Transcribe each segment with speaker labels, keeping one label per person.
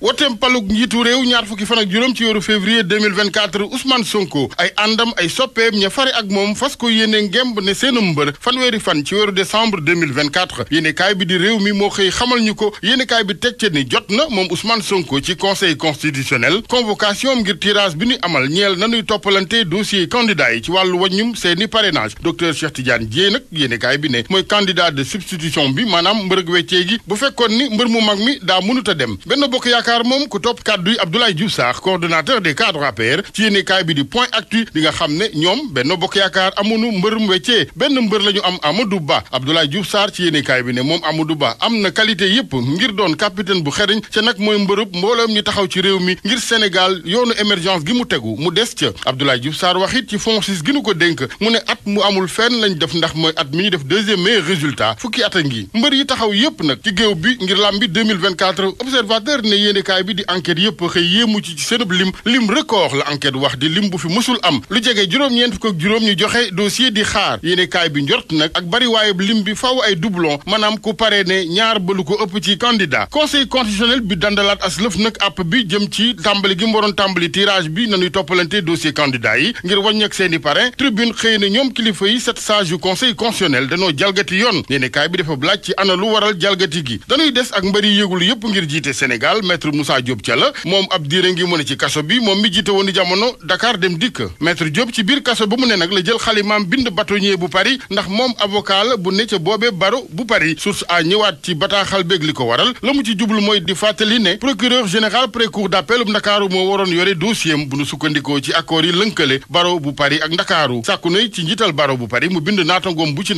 Speaker 1: woteem palug njiitu réew ñaar fukki fan ak juróom ci weeru février 2024 Ousmane Sonko ay àndam ay soppeem ña fare ak moom fas ko yéene ngemb ne seen mbër fanweeri fan ci weeru décembre 2024 yéenekaay bi di réew mi moo xëy xamal ñu ko yéenekaay bi teg ci ni jot na moom Ousmane Sonko ci conseil constitutionnel convocation ngir tirage bi ñu amal ñeel nanuy toppalante dossier candidat yi ci wàllu wàññum seeni parrainage docteur Cheikh Tidiane Dièye nag yéenekaay bi ne mooy candidat de substitution bi maanaam mbërëg weccee gi bu fekkoon ni mbër mu mag mi daa mënut dem benn bokk yaakaar Sarr moom ku topp kàddu yi Abdoulaye Diouf Sarr coordonnateur des cadres APR ci yéenekaay bi di point actu di xam ne ñoom Benno Bokk Yaakaar amunu mbërum weccee benn mbër la ñu am du Ba Abdoulaye Diouf Sarr ci yéenekaay bi ne moom Amadou Ba am na qualité yépp ngir doon capitaine bu xeriñ ca nag mooy mbërëb mbooloom ñu taxaw ci réew mi ngir Sénégal yoonu émergence gi mu tegu mu des ca Abdoulaye Diouf Sarr wax it ci FONSIS gi nu ko dénk mu ne at mu amul fenn lañ def ndax mooy at mi ñu def deuxième meilleur résultat fukki at a mbër yi taxaw yépp nag ci bi ngir làmbi 2024 observateur ne yéenekaay bi di enquête yëpp xëy yéemu ci seenub lim lim record la enquête wax di lim bu fi mësul am lu jege juróom-ñeent fukk juróom ñu joxe dossier di xaar yéenekaay bi njort nag ak bari waayub lim bi faaw ay doublon maanaam ku pare ne ñaar ba lu ko ëpp ci candidat conseil constitutionnel bi dandalaat as lëf nag app bi jëm ci tàmbali gi mu waroon tàmbali tirage bi nañuy toppalante dossier candidat yi ngir wàññeek seeni parrain tribune xëy na ñoom kilifa yi sept sages yu conseil constitutionnel danoo jalgati yoon yéenekaay bi dafa blaaj ci ana lu waral jalgati gi dañuy des ak mbari yëgul yëpp ngir jiite Sénégal maître maître Moussa Diop ca la moom ab diire ngi mën a ci kaso bi moom mi jiite woon jamono Dakar dem dikk maître Diop ci biir kaso ba mu ne nag la jël xalimaam bind bâtonnier bu Paris ndax moom avocat bu ne ca boobee baro bu Paris source a ñëwaat ci bataaxal beeg ko waral la mu ci jublu mooy di fàttali ne procureur général près cour d'appel bu Ndakaaru moo waroon yore dossier bu nu sukkandikoo ci accord yi lënkale baro bu Paris ak Ndakaaru sàkku na ci njiital baro bu Paris mu bind naatangoom bu ci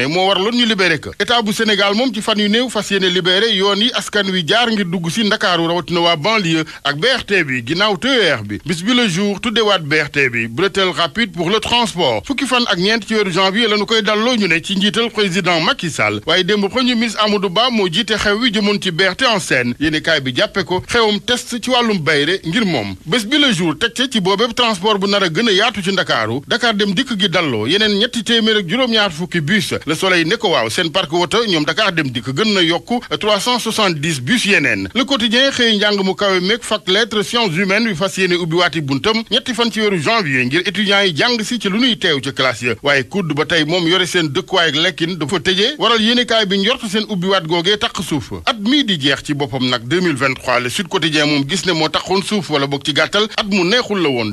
Speaker 1: ne moo war loon ñu libéré ko état bu Sénégal moom ci fan yu néew fas yéene libéré yoon yi askan wi jaar ngir dugg si ndakaaru rawatina waa banlieue ak BRT bi ginnaaw TER bi bis bi le jour tuddewaat BRT bi bretelle rapide pour le transport fukki fan ak ñeent ci weeru janvier lañu koy dalloo ñu ne ci njiital président Macky Sall waaye démb premier ministre Amadou Ba moo jiite xew wi jëmoon ci BRT en scène yéene kaay bi jàppe ko xewum test ci wàllum bayre ngir moom bés bi le jour tegce ci boobépp transport bu nar a a yaatu ci ndakaaru Dakar dem dikk gi dalloo yeneen ñetti téeméer juróom-ñaar fukki bus le soleil ne ko waaw seen parc wota ñoom Dakar dem dikk gën na yokku 370 yeneen le quotidien xëy njàng mu kawe meeg fac lettres sciences humaines yu fas yéene ubbiwaati buntam ñetti fan ci weeru janvier ngir étudiants yi jàng si ci lu ñuy teew ci classe ya waaye kudd ba tey moom yore seen dëkkuwaay ak lekkin dafa tëjee waral yéenekaay bi njort seen ubbiwaat googee taq suuf at mii di jeex ci boppam nag 2023 sud quotidien moom gis ne moo taxoon suuf wala boog ci gàttal at mu neexul la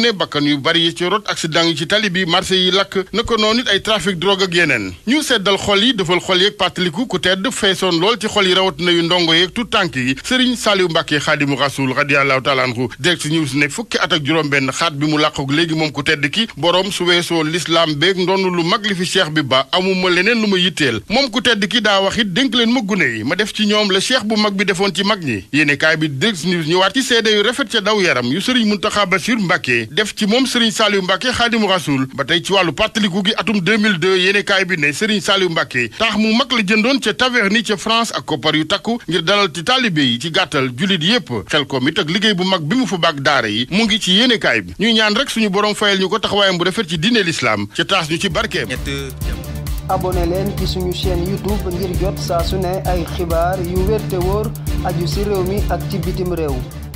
Speaker 1: ne bakkan yu bari yi ci rot ñàkk na ko noonu it ay trafic drogue ak yeneen ñu seddal xol yi defal xol yeeg pàttaliku ku tedd feesoon lool ci xol yi rawatina yu ndongo yeeg tànk yi sëriñ Saliou Mbàkke xaadimu rasul radiyallahu taala anhu direct news ne fukki at ak juróom-benn xaat bi mu làqook léegi moom ku tedd ki boroom su weesoo lislaam beeg ndonn lu mag li fi cheikh bi ba amuma leneen lu ma yitteel moom ku tedd ki daa wax it dénk leen ma gune yi ma def ci ñoom la cheikh bu mag bi defoon ci mag ñi yéenekaay bi direct news ñëwaat ci seede yu daw yaram yu sëriñ Muntaxa Basiir Mbàkke def ci moom sëriñ Saliou Mbàkke xaadimu rasul ba tey ci wàllu fàttaliku gi atum 2002 yéenekaay bi ne Serigne Saliou Mbacké taax mu mag la jëndoon ca taverne ca France ak koppar yu takku ngir dalal ci taalibe yi ci gàttal jullit yépp xel ko mit ak liggéey bu mag bi mu fa bag daara yi mu ngi ci yéenekaay bi ñuy ñaan rek suñu borom fayal ñu ko taxawaayam bu rafet ci diine l'islam ca taas ñu ci barkeem. abonné leen ci suñu chaîne YouTube ngir jot saa su ne ay xibaar yu wér te wóor aju ci réew mi ak ci bitim réew.